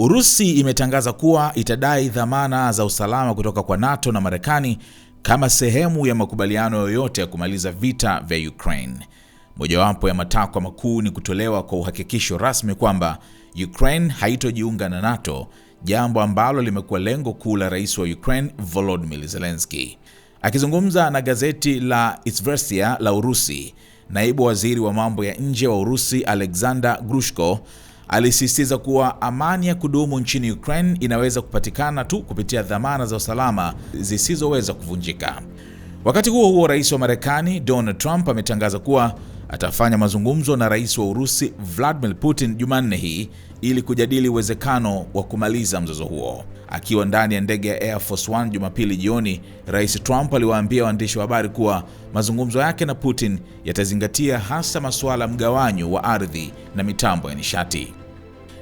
Urusi imetangaza kuwa itadai dhamana za usalama kutoka kwa NATO na Marekani kama sehemu ya makubaliano yoyote ya kumaliza vita vya Ukraine. Mojawapo ya matakwa makuu ni kutolewa kwa uhakikisho rasmi kwamba Ukraine haitojiunga na NATO, jambo ambalo limekuwa lengo kuu la rais wa Ukraine Volodymyr Zelensky. Akizungumza na gazeti la Izvestia la Urusi, naibu waziri wa mambo ya nje wa Urusi Alexander Grushko alisisitiza kuwa amani ya kudumu nchini Ukraine inaweza kupatikana tu kupitia dhamana za usalama zisizoweza kuvunjika. Wakati huo huo, rais wa Marekani Donald Trump ametangaza kuwa atafanya mazungumzo na rais wa Urusi Vladimir Putin Jumanne hii ili kujadili uwezekano wa kumaliza mzozo huo. Akiwa ndani ya ndege ya Air Force One Jumapili jioni, Rais Trump aliwaambia waandishi wa habari kuwa mazungumzo yake na Putin yatazingatia hasa masuala mgawanyo wa ardhi na mitambo ya nishati.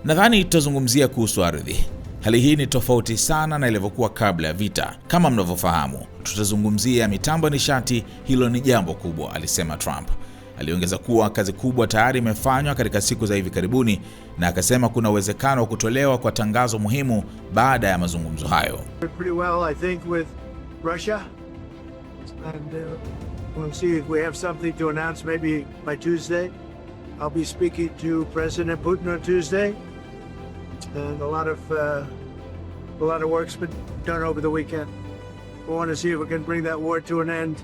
Nadhani tutazungumzia kuhusu ardhi. Hali hii ni tofauti sana na ilivyokuwa kabla ya vita. Kama mnavyofahamu, tutazungumzia mitambo ya nishati, hilo ni jambo kubwa, alisema Trump. Aliongeza kuwa kazi kubwa tayari imefanywa katika siku za hivi karibuni na akasema kuna uwezekano wa kutolewa kwa tangazo muhimu baada ya mazungumzo hayo. Well, and uh, a lot of uh, a lot of work's been done over the weekend. We want to see if we can bring that war to an end.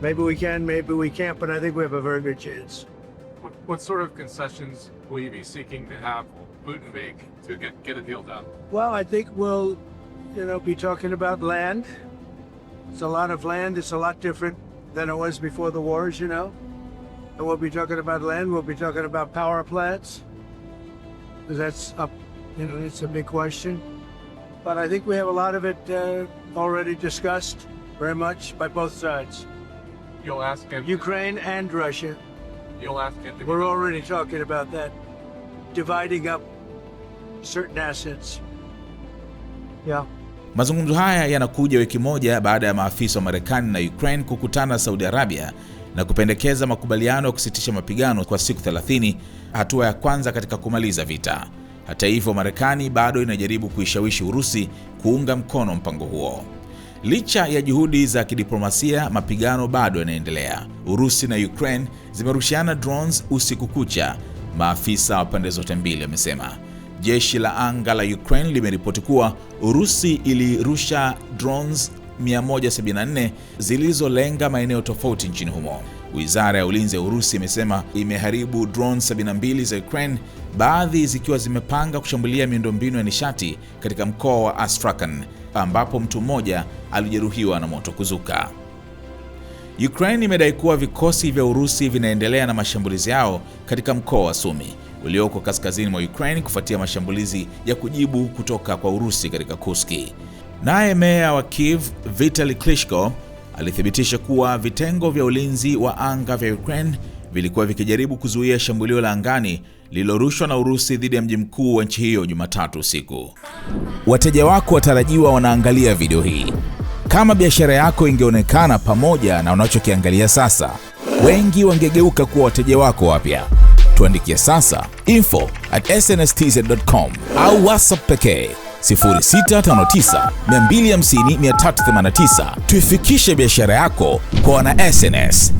Maybe we can, maybe we can't, but I think we have a very good chance. What, what sort of concessions will you be seeking to have Putin make to get, get a deal done? Well, I think we'll, you know, be talking about land. It's a lot of land. It's a lot different than it was before the wars, you know. And we'll be talking about land. We'll be talking about power plants. that's up, you know, it's a big question. But I think we have a lot of it uh, already discussed very much by both sides, You'll ask him. Ukraine and Russia. You'll ask him. To We're already talking about that, dividing up certain assets. Yeah. Mazungumzo haya yanakuja wiki moja baada ya maafisa wa Marekani na Ukraine kukutana Saudi Arabia na kupendekeza makubaliano ya kusitisha mapigano kwa siku 30, hatua ya kwanza katika kumaliza vita. Hata hivyo, Marekani bado inajaribu kuishawishi Urusi kuunga mkono mpango huo. Licha ya juhudi za kidiplomasia, mapigano bado yanaendelea. Urusi na Ukraine zimerushiana drones usiku kucha, maafisa wa pande zote mbili wamesema. Jeshi la anga la Ukraine limeripoti kuwa Urusi ilirusha drones 174 zilizolenga maeneo tofauti nchini humo. Wizara ya Ulinzi ya Urusi imesema imeharibu drone 72 za Ukraine, baadhi zikiwa zimepanga kushambulia miundombinu ya nishati katika mkoa wa Astrakhan ambapo mtu mmoja alijeruhiwa na moto kuzuka. Ukraine imedai kuwa vikosi vya Urusi vinaendelea na mashambulizi yao katika mkoa wa Sumi ulioko kaskazini mwa Ukraine kufuatia mashambulizi ya kujibu kutoka kwa Urusi katika Kuski. Naye meya wa Kiev Vitali Klitschko alithibitisha kuwa vitengo vya ulinzi wa anga vya Ukraine vilikuwa vikijaribu kuzuia shambulio la angani lililorushwa na Urusi dhidi ya mji mkuu wa nchi hiyo Jumatatu usiku. Wateja wako watarajiwa wanaangalia video hii. Kama biashara yako ingeonekana pamoja na unachokiangalia sasa, wengi wangegeuka kuwa wateja wako wapya. Tuandikie sasa info at snstz.com au WhatsApp pekee 0659 Tuifikishe biashara yako kwa wana SnS.